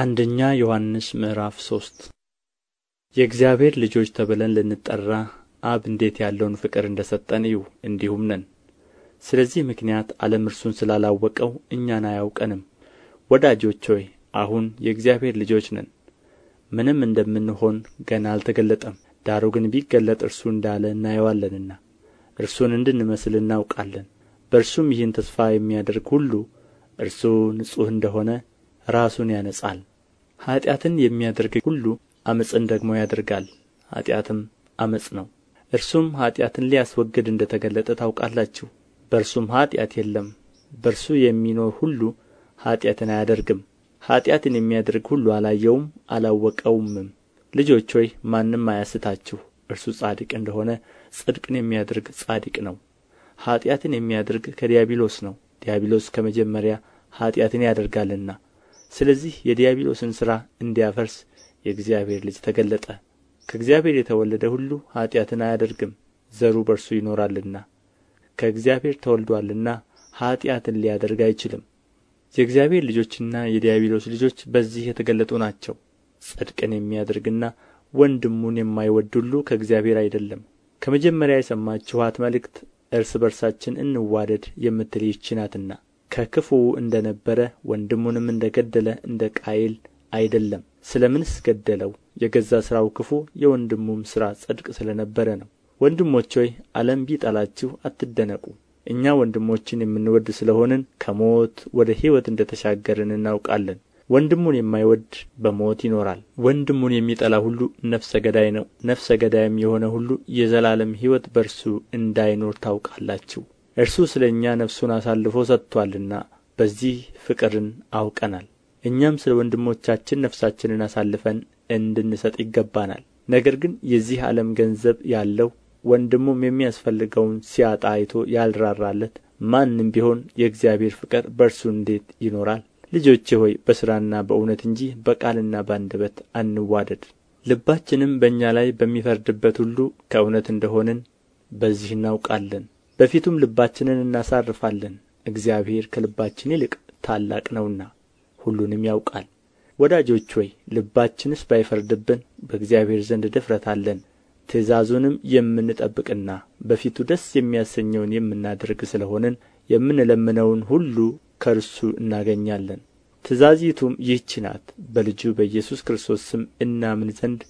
አንደኛ ዮሐንስ ምዕራፍ ሶስት የእግዚአብሔር ልጆች ተብለን ልንጠራ አብ እንዴት ያለውን ፍቅር እንደ ሰጠን እዩ እንዲሁም ነን። ስለዚህ ምክንያት ዓለም እርሱን ስላላወቀው እኛን አያውቀንም። ወዳጆች ሆይ አሁን የእግዚአብሔር ልጆች ነን፣ ምንም እንደምንሆን ገና አልተገለጠም። ዳሩ ግን ቢገለጥ እርሱ እንዳለ እናየዋለንና እርሱን እንድንመስል እናውቃለን። በእርሱም ይህን ተስፋ የሚያደርግ ሁሉ እርሱ ንጹሕ እንደሆነ ራሱን ያነጻል ኃጢአትን የሚያደርግ ሁሉ አመፅን ደግሞ ያደርጋል ኃጢአትም አመፅ ነው እርሱም ኃጢአትን ሊያስወግድ እንደ ተገለጠ ታውቃላችሁ በእርሱም ኃጢአት የለም በእርሱ የሚኖር ሁሉ ኃጢአትን አያደርግም ኃጢአትን የሚያደርግ ሁሉ አላየውም አላወቀውምም ልጆች ሆይ ማንም አያስታችሁ እርሱ ጻድቅ እንደሆነ ጽድቅን የሚያደርግ ጻድቅ ነው ኃጢአትን የሚያደርግ ከዲያብሎስ ነው ዲያብሎስ ከመጀመሪያ ኃጢአትን ያደርጋልና ስለዚህ የዲያብሎስን ሥራ እንዲያፈርስ የእግዚአብሔር ልጅ ተገለጠ ከእግዚአብሔር የተወለደ ሁሉ ኀጢአትን አያደርግም ዘሩ በእርሱ ይኖራልና ከእግዚአብሔር ተወልዶአልና ኀጢአትን ሊያደርግ አይችልም የእግዚአብሔር ልጆችና የዲያብሎስ ልጆች በዚህ የተገለጡ ናቸው ጽድቅን የሚያደርግና ወንድሙን የማይወድ ሁሉ ከእግዚአብሔር አይደለም ከመጀመሪያ የሰማችኋት መልእክት እርስ በርሳችን እንዋደድ የምትል ይህች ናትና ከክፉው እንደ ነበረ ወንድሙንም እንደ ገደለ እንደ ቃየል አይደለም ስለ ምንስ ገደለው የገዛ ሥራው ክፉ የወንድሙም ሥራ ጽድቅ ስለ ነበረ ነው ወንድሞች ሆይ ዓለም ቢጠላችሁ አትደነቁ እኛ ወንድሞችን የምንወድ ስለ ሆንን ከሞት ወደ ሕይወት እንደ ተሻገርን እናውቃለን ወንድሙን የማይወድ በሞት ይኖራል ወንድሙን የሚጠላ ሁሉ ነፍሰ ገዳይ ነው ነፍሰ ገዳይም የሆነ ሁሉ የዘላለም ሕይወት በእርሱ እንዳይኖር ታውቃላችሁ እርሱ ስለ እኛ ነፍሱን አሳልፎ ሰጥቶአልና በዚህ ፍቅርን አውቀናል እኛም ስለ ወንድሞቻችን ነፍሳችንን አሳልፈን እንድንሰጥ ይገባናል ነገር ግን የዚህ ዓለም ገንዘብ ያለው ወንድሙም የሚያስፈልገውን ሲያጣ አይቶ ያልራራለት ማንም ቢሆን የእግዚአብሔር ፍቅር በእርሱ እንዴት ይኖራል ልጆቼ ሆይ በሥራና በእውነት እንጂ በቃልና በአንደበት አንዋደድ ልባችንም በእኛ ላይ በሚፈርድበት ሁሉ ከእውነት እንደሆንን በዚህ እናውቃለን በፊቱም ልባችንን እናሳርፋለን እግዚአብሔር ከልባችን ይልቅ ታላቅ ነውና ሁሉንም ያውቃል ወዳጆች ሆይ ልባችንስ ባይፈርድብን በእግዚአብሔር ዘንድ ድፍረት አለን ትእዛዙንም የምንጠብቅና በፊቱ ደስ የሚያሰኘውን የምናደርግ ስለ ሆንን የምንለምነውን ሁሉ ከእርሱ እናገኛለን ትእዛዚቱም ይህች ናት በልጁ በኢየሱስ ክርስቶስ ስም እናምን ዘንድ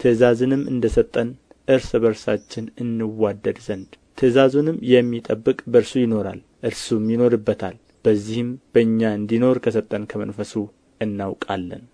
ትእዛዝንም እንደ ሰጠን እርስ በርሳችን እንዋደድ ዘንድ ትእዛዙንም የሚጠብቅ በእርሱ ይኖራል እርሱም ይኖርበታል በዚህም በእኛ እንዲኖር ከሰጠን ከመንፈሱ እናውቃለን